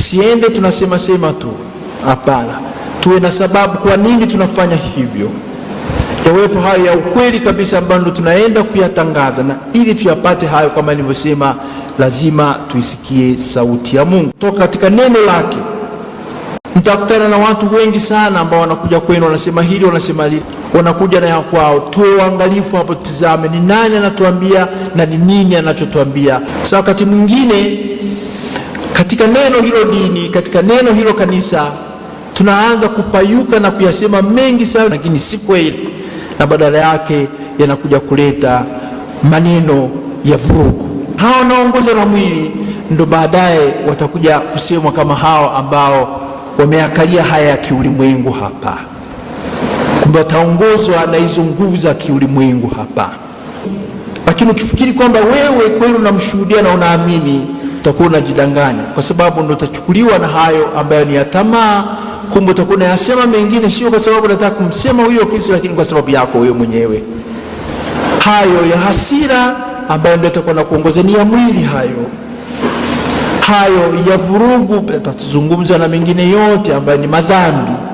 tusiende tunasema sema tu. Hapana, tuwe na sababu kwa nini tunafanya hivyo, yawepo hayo ya ukweli kabisa ambayo ndo tunaenda kuyatangaza, na ili tuyapate hayo, kama nilivyosema, lazima tuisikie sauti ya Mungu toka katika neno lake. Mtakutana na watu wengi sana ambao wanakuja kwenu, wanasema hili, wanasema lile, wanakuja na ya kwao. Tuwe waangalifu hapo, tutizame ni nani anatuambia na ni nini anachotuambia. Sasa wakati mwingine katika neno hilo dini, katika neno hilo kanisa, tunaanza kupayuka na kuyasema mengi sana, lakini si kweli, na badala yake yanakuja kuleta maneno ya vurugu. Hawa wanaongozwa na mwili ndo baadaye watakuja kusemwa kama hao ambao wameakalia haya ya kiulimwengu hapa, kumbe wataongozwa na hizo nguvu za kiulimwengu hapa. Lakini ukifikiri kwamba wewe kweli unamshuhudia na unaamini utakuwa unajidanganya, kwa sababu ndo utachukuliwa na hayo ambayo ni ya tamaa. Kumbe utakuwa unayasema mengine, sio kwa sababu nataka kumsema huyo Kristo, lakini kwa sababu yako wewe mwenyewe. Hayo ya hasira ambayo ndio itakuwa na kuongoza ni ya mwili hayo hayo ya vurugu, tatuzungumza na mengine yote ambayo ni madhambi.